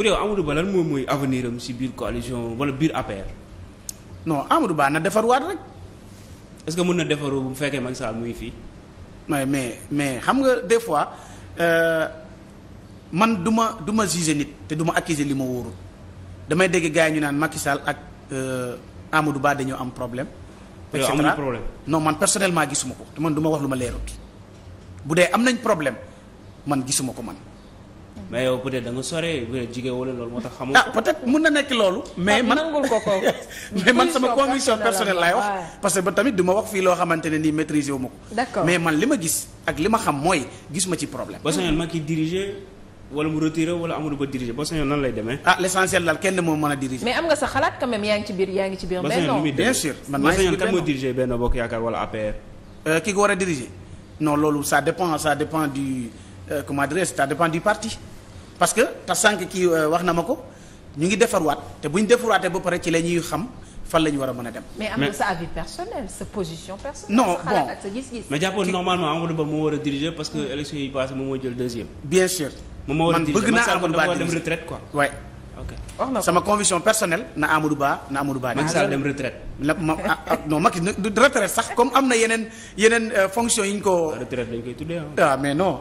pour yow Amadou Ba lan moom mooy avenir am si biir coalition wala biir APR. non Amadou Ba na defarwaat rek. est-ce que mën na defaru bu fekkee Macky Sall muy fii. mais mais mais xam nga des fois euh, man du ma du ma juger nit te du ma accuser li ma wóorul damay dégg gars yi ñu naan Macky ak euh, Amadou Ba dañoo am problème. et cetera problème. non man personnellement gisuma ko te man du ma wax lu ma leerut bu dee am nañ problème man gisuma ko man. mais yow peut-être da nga sore jigéen wala ah, mun na nekk loolu. mais ah, man nangul ko ko mais man sama conviction personnelle laay wax. parce que tamit du wax fii loo xamante ne nii maîtriser wu ma ko. mais man li ma gis ak li ma xam mooy gis ma ci problème. ba sañoon ma ki diriger wala mu retiré wala amul ba diriger ba sañoon nan lay demee. ah l'essentiel daal kenn moo mën a diriger. mais am nga sa xalaat quand yaa ngi ci biir yaa ngi ci biir. mais bien sûr man maa kan moo diriger benn bokk yaakaar wala APR. Euh, ki ko war a diriger non loolu ça dépend euh, parti parce que te sànq kii euh, wax na ma ko ñu ngi defar waat te bu ñu defarwaatee ba pare ci la ñuy xam fan la ñu war a mën a dem. mais am na sa avis personnel sa position personnelle. non bon sa gis-gis. mais war a parce que élection moo jël deuxième. bien sûr moom moo war a diriger man bëgg dem retraite quoi. waay sama conviction personnelle na Amadou Ba na Amadou Ba. Macky Sall dem ah, ah, retraite. sax comme am na yeneen yeneen euh, fonction yi ñu ko. Ah, retraite lañ koy tuddee ah mais non.